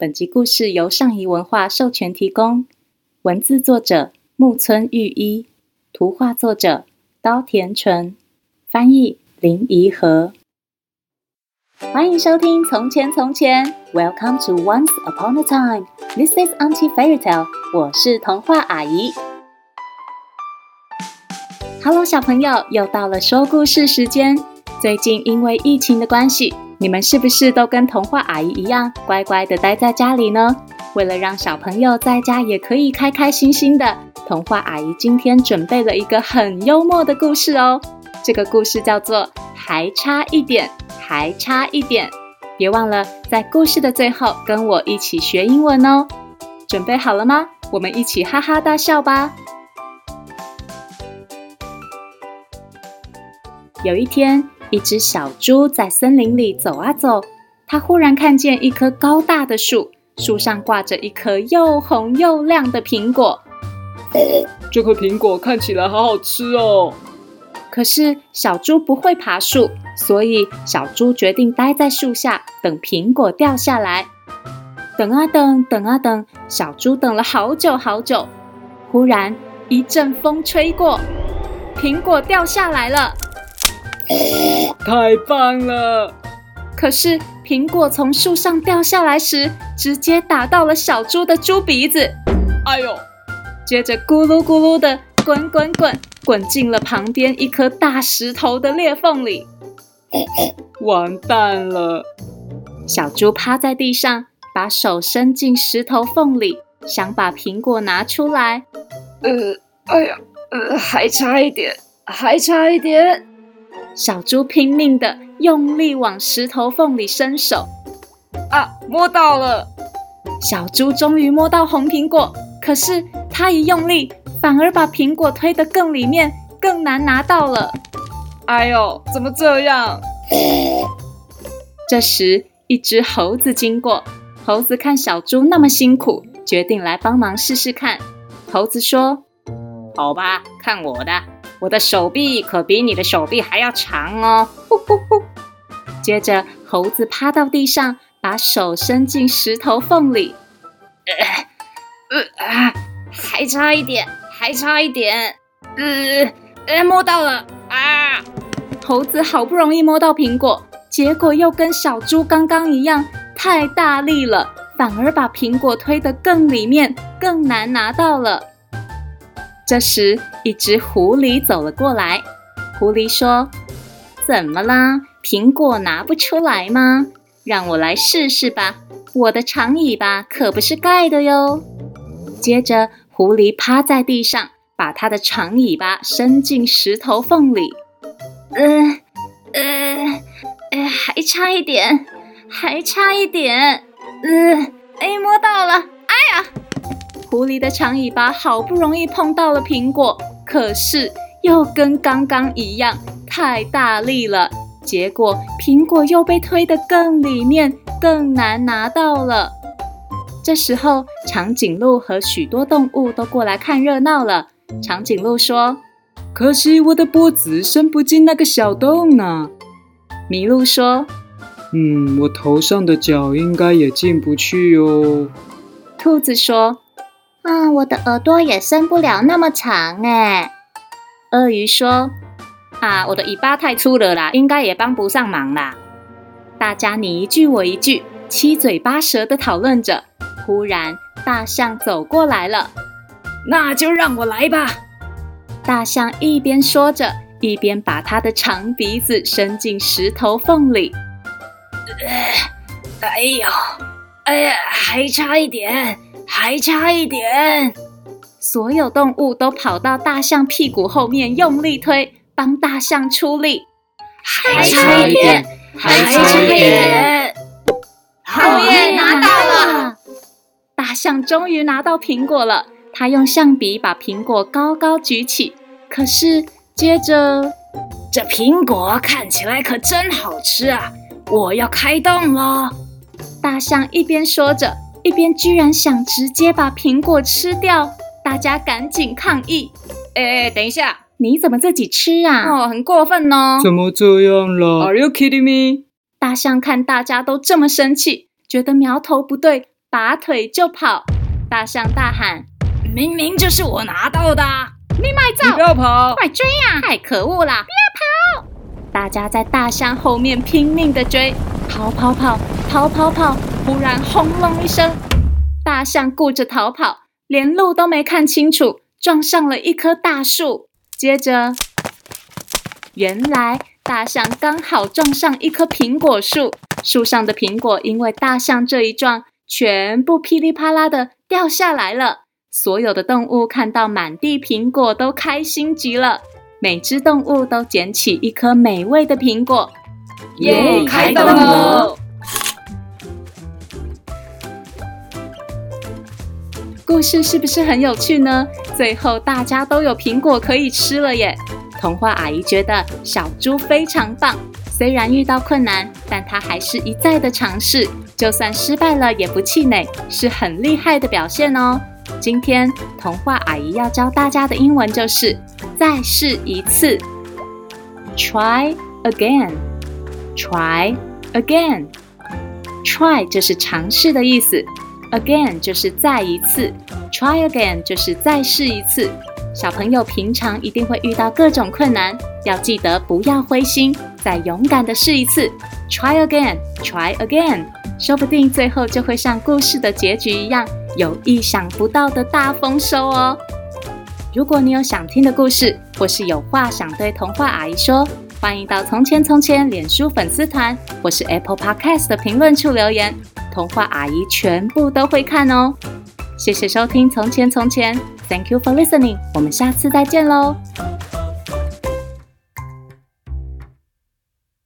本集故事由上誼文化授權提供，文字作者木村裕一，圖畫作者高畠純，翻譯林宜和。歡迎收聽《從前從前》，Welcome to Once Upon a Time，This is Auntie Fairy Tale，我是童話阿姨。Hello，小朋友，又到了說故事時間。最近因為疫情的關係。你們是不是都跟童話阿姨一樣乖乖的待在家裡呢？為了讓小朋友在家也可以開開心心的，童話阿姨今天準備了一個很幽默的故事哦。這個故事叫做《還差一點，還差一點》。別忘了在故事的最後跟我一起學英文哦。準備好了嗎？我們一起哈哈大笑吧。有一天。一隻小豬在森林裡走啊走，它忽然看見一棵高大的樹，樹上掛着一顆又紅又亮的蘋果。這顆蘋果看起來好好吃哦。可是小豬不會爬樹，所以小豬決定待在樹下等蘋果掉下來。等啊等，等啊等，小豬等了好久好久。忽然一陣風吹過，蘋果掉下來了。太棒了！可是蘋果從樹上掉下來時，直接打到了小豬的豬鼻子，哎呦！接着咕嚕咕嚕的，滾滾滾，滾進了旁邊一顆大石頭的裂縫裡。完蛋了！小豬趴在地上，把手伸進石頭縫裡，想把蘋果拿出來。呃，哎呀，呃，還差一點，還差一點。小豬拼命的用力往石頭縫裡伸手，啊，摸到了！小豬終於摸到紅蘋果，可是它一用力，反而把蘋果推得更裡面，更難拿到了。哎呦，怎麼這樣？這時，一只猴子經過，猴子看小豬那麼辛苦，決定來幫忙試試看。猴子說：“好吧，看我的。”我的手臂可比你的手臂還要長哦！呼呼呼。接着，猴子趴到地上，把手伸進石頭縫裡。呃，呃，啊，還差一點，還差一點。嗯。呃，摸到了！啊！猴子好不容易摸到蘋果，結果又跟小豬剛剛一樣，太大力了，反而把蘋果推得更裡面，更難拿到了。這時，一隻狐狸走了過來。狐狸說：“怎麼啦？蘋果拿不出來嗎？讓我來試試吧。我的長尾巴可不是蓋的喲。”接着，狐狸趴在地上，把它的長尾巴伸進石頭縫裡。呃，呃，呃，還差一點，還差一點，嗯、呃。里的長尾巴好不容易碰到了蘋果，可是又跟剛剛一樣太大力了，結果蘋果又被推得更裡面，更難拿到了。這時候，長頸鹿和許多動物都過來看熱鬧了。長頸鹿說：“可惜我的脖子伸不進那個小洞呢。”麋鹿說：“嗯，我頭上的角應該也進不去喲。”兔子說。啊、嗯，我的耳朵也伸不了那麼長哎、欸。鱷魚說：“啊，我的尾巴太粗了啦，應該也幫不上忙啦。”大家你一句我一句，七嘴八舌地討論着。忽然，大象走過來了，“那就讓我來吧。”大象一邊說着，一邊把它的長鼻子伸進石頭縫裡。呃、哎呦，哎呀，還差一點。還差一點，所有動物都跑到大象屁股後面，用力推，幫大象出力。還差一點，還差一點。好耶，拿到了！大象終於拿到蘋果了。它用象鼻把蘋果高高舉起。可是，接着，這蘋果看起來可真好吃啊！我要開動了。大象一邊說着。一邊居然想直接把蘋果吃掉，大家趕緊抗議！哎，等一下，你怎麼自己吃啊？哦，很過分哦！怎麼這樣了？Are you kidding me？大象看大家都這麼生氣，覺得苗頭不對，拔腿就跑。大象大喊：“明明就是我拿到的，你別走！不要跑，快追呀！啊！太可惡了，不要跑！”大家在大象後面拼命地追，跑跑跑，跑跑跑。突然，轟隆一聲，大象顧着逃跑，連路都沒看清楚，撞上了一棵大樹。接着，原來大象剛好撞上一棵蘋果樹，樹上的蘋果因為大象這一撞，全部噼里啪啪啦的掉下來了。所有的動物看到滿地蘋果，都開心極了。每只動物都撿起一顆美味的蘋果，耶、yeah，開動了！故事是不是很有趣呢？最後大家都有蘋果可以吃了耶！童話阿姨覺得小豬非常棒，雖然遇到困難，但他還是一再的嘗試，就算失敗了也不氣餒，是很厲害的表現哦。今天童話阿姨要教大家的英文就是“再試一次 ”，try again，try again，try 就是嘗試的意思。Again 就是再一次，Try again 就是再試一次。小朋友平常一定會遇到各種困難，要記得不要灰心，再勇敢的試一次。Try again，Try again，, try again 說不定最後就會像故事的結局一樣，有意想不到的大豐收哦。如果你有想聽的故事，或是有話想對童話阿姨說，歡迎到《從前從前》臉書粉絲團，或是 Apple Podcast 的評論處留言。童話阿姨全部都會看哦！謝謝收聽《從前從前》，Thank you for listening，我們下次再見嘍！